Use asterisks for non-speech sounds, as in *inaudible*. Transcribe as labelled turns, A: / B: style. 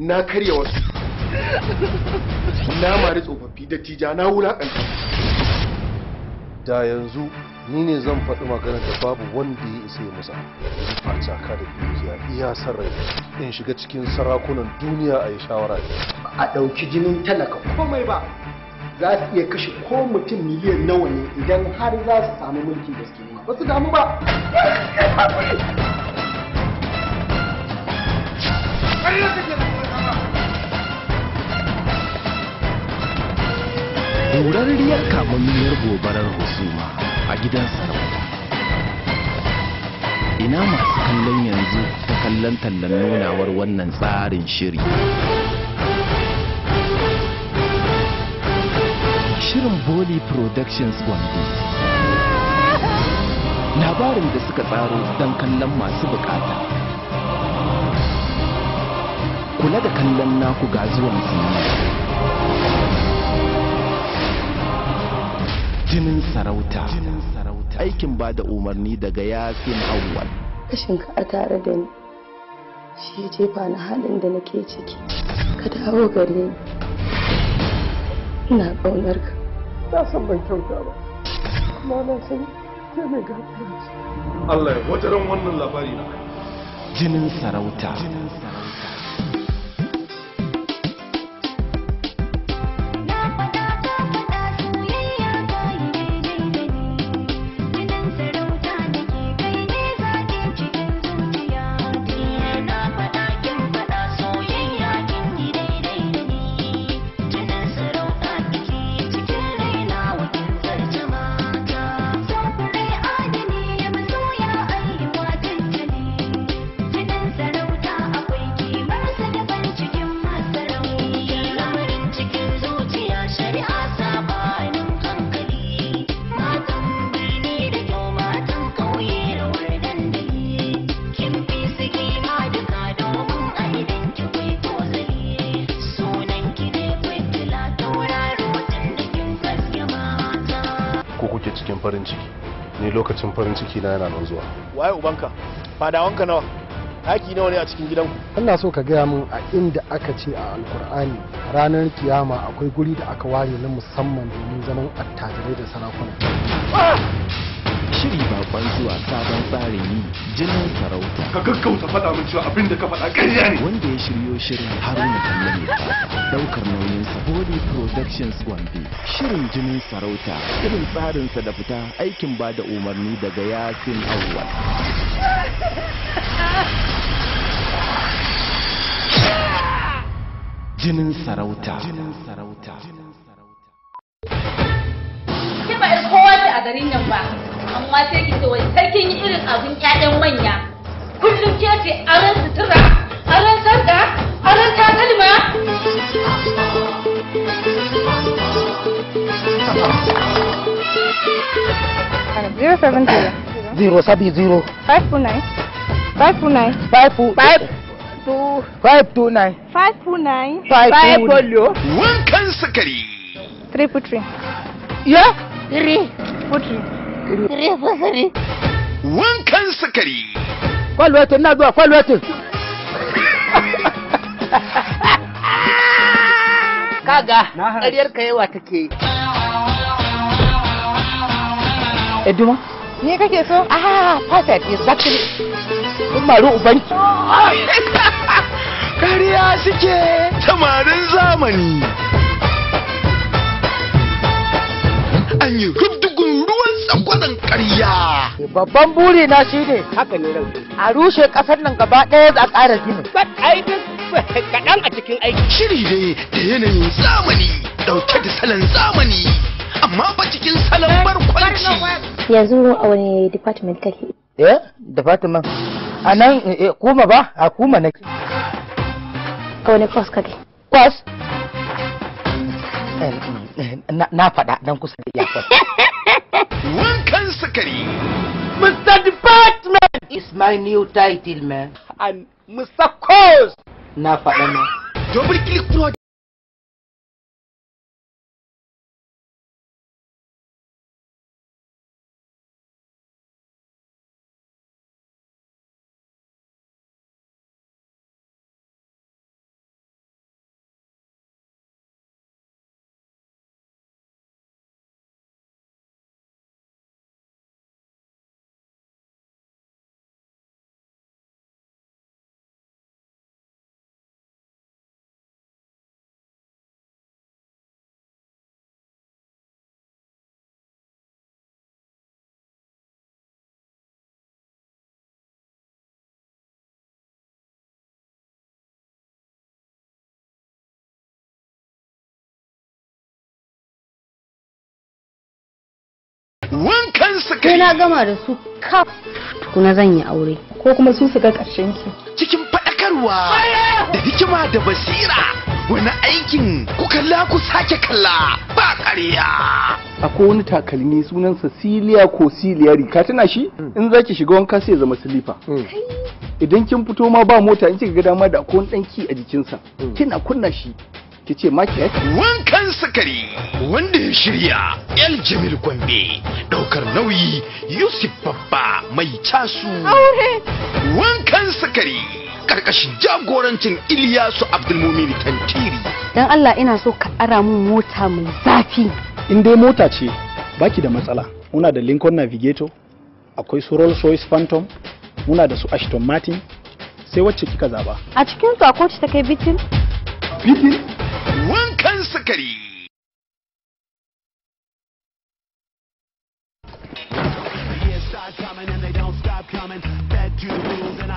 A: na karya wasu na mari tsofaffi da tija na wulakanta da yanzu ni ne zan faɗi magana da babu wanda ya isa ya musa face ka da duniya iya san rai in shiga cikin sarakunan duniya a yi shawara ba a ɗauki jinin talaka komai ba za su iya kashe ko mutum miliyan nawa ne idan har za su samu mulkin gaske ba su damu ba kamun kamammiyar gobarar husuma a gidan sarauta ina masu kallon yanzu ta kallon tallan nunawar wannan tsarin shiri shirin boli productions gwandu labarin da suka tsaro don kallon masu bukata kula da kallon naku ga zuwan sinima jinin sarauta aikin ba da umarni daga yasin awwal kashin ka a tare da ni shi jefa na halin da nake ciki ka dawo gare ni ina ƙaunar ka na san ban kyauta ba kuma na san ke mai gafara Allah ya wajen wannan labari na jinin sarauta lokacin farin ciki ni lokacin farin ciki na yana nan zuwa waye ubanka fadawanka nawa ɗaki nawa ne a cikin gidanku Allah so ka gaya min a inda aka ce a alkur'ani ranar kiyama akwai guri da aka ware na musamman domin zaman attajirai da sarakuna ah! shiri bakon zuwa sabon tsarin yi jinin sarauta ka gaggauta faɗa min cewa abin da ka faɗa ƙarya ne wanda ya shiryo shirin haruna kallon ne daukar nauyin body productions gombe shirin jinin sarauta irin tsarinsa da fita aikin ba da umarni daga yasin awwal jinin sarauta jinin sarauta ki ba kowace a garin nan ba amma sai ki kin yi irin abin ƴaƴan manya kullum ke ce ran sutura aran sarka aran takalma Zero seven zero. Zero sabi zero. Five two nine. Five two nine. Five two. Five two. Five two nine. Five two nine. Five two. Five polio. Wankan sukari. Three putri. Yeah. Three putri. Wankan sukari. Kwalwetin na zuwa kwalwetin. Kaga, ƙaryar ka yawa take. Eduma? Ni kake so? Ah, perfect, exactly. Kun maru ubanki. Kariya suke tamarin zamani. Babban buri na shi ne. Haka ne ran. A rushe ƙasar nan gaba ɗaya za a ƙara gini. Ai kaɗan a cikin aiki. Shiri ne da yanayin zamani ɗauke da salon zamani amma ba cikin salon barkwanci. Yanzu a wani department kake? Eh, department. A nan eh, eh, kuma ba, a kuma ke A wani kwas kake? Kwas? Eh, na faɗa don kusa da kwas. *laughs* Wankan sukari. Mr. Department is my new title, man. And Mr. Coast. Na faɗa ma. Double click sai na gama da su kaf tukuna zan yi aure ko kuma su su ga ƙarshen ki cikin faɗakarwa da hikima da basira wani aikin ku kalla ku sake kalla ba ƙarya akwai wani takalmi sunan Cecilia ko siliyari ka tana shi mm. in zaki shiga wanka sai ya zama silifa mm. idan kin fito ma ba mota in kika ga dama da akwai wani ɗan ki a jikinsa mm. kina kunna shi kice ki wanka Zakari wanda ya shirya El Jamil Kwambe daukar nauyi Yusuf Babba mai casu wankan sakari karkashin jagorancin Iliyasu Abdulmumin Tantiri dan Allah ina so ka ara mun mota mai zafi in dai mota ce baki da matsala muna da Lincoln Navigator akwai su Rolls-Royce Phantom muna da su Ashton Martin sai wacce kika zaba a cikin su akwai ta kai bitin bitin wankan sakari woman, bed to the rules,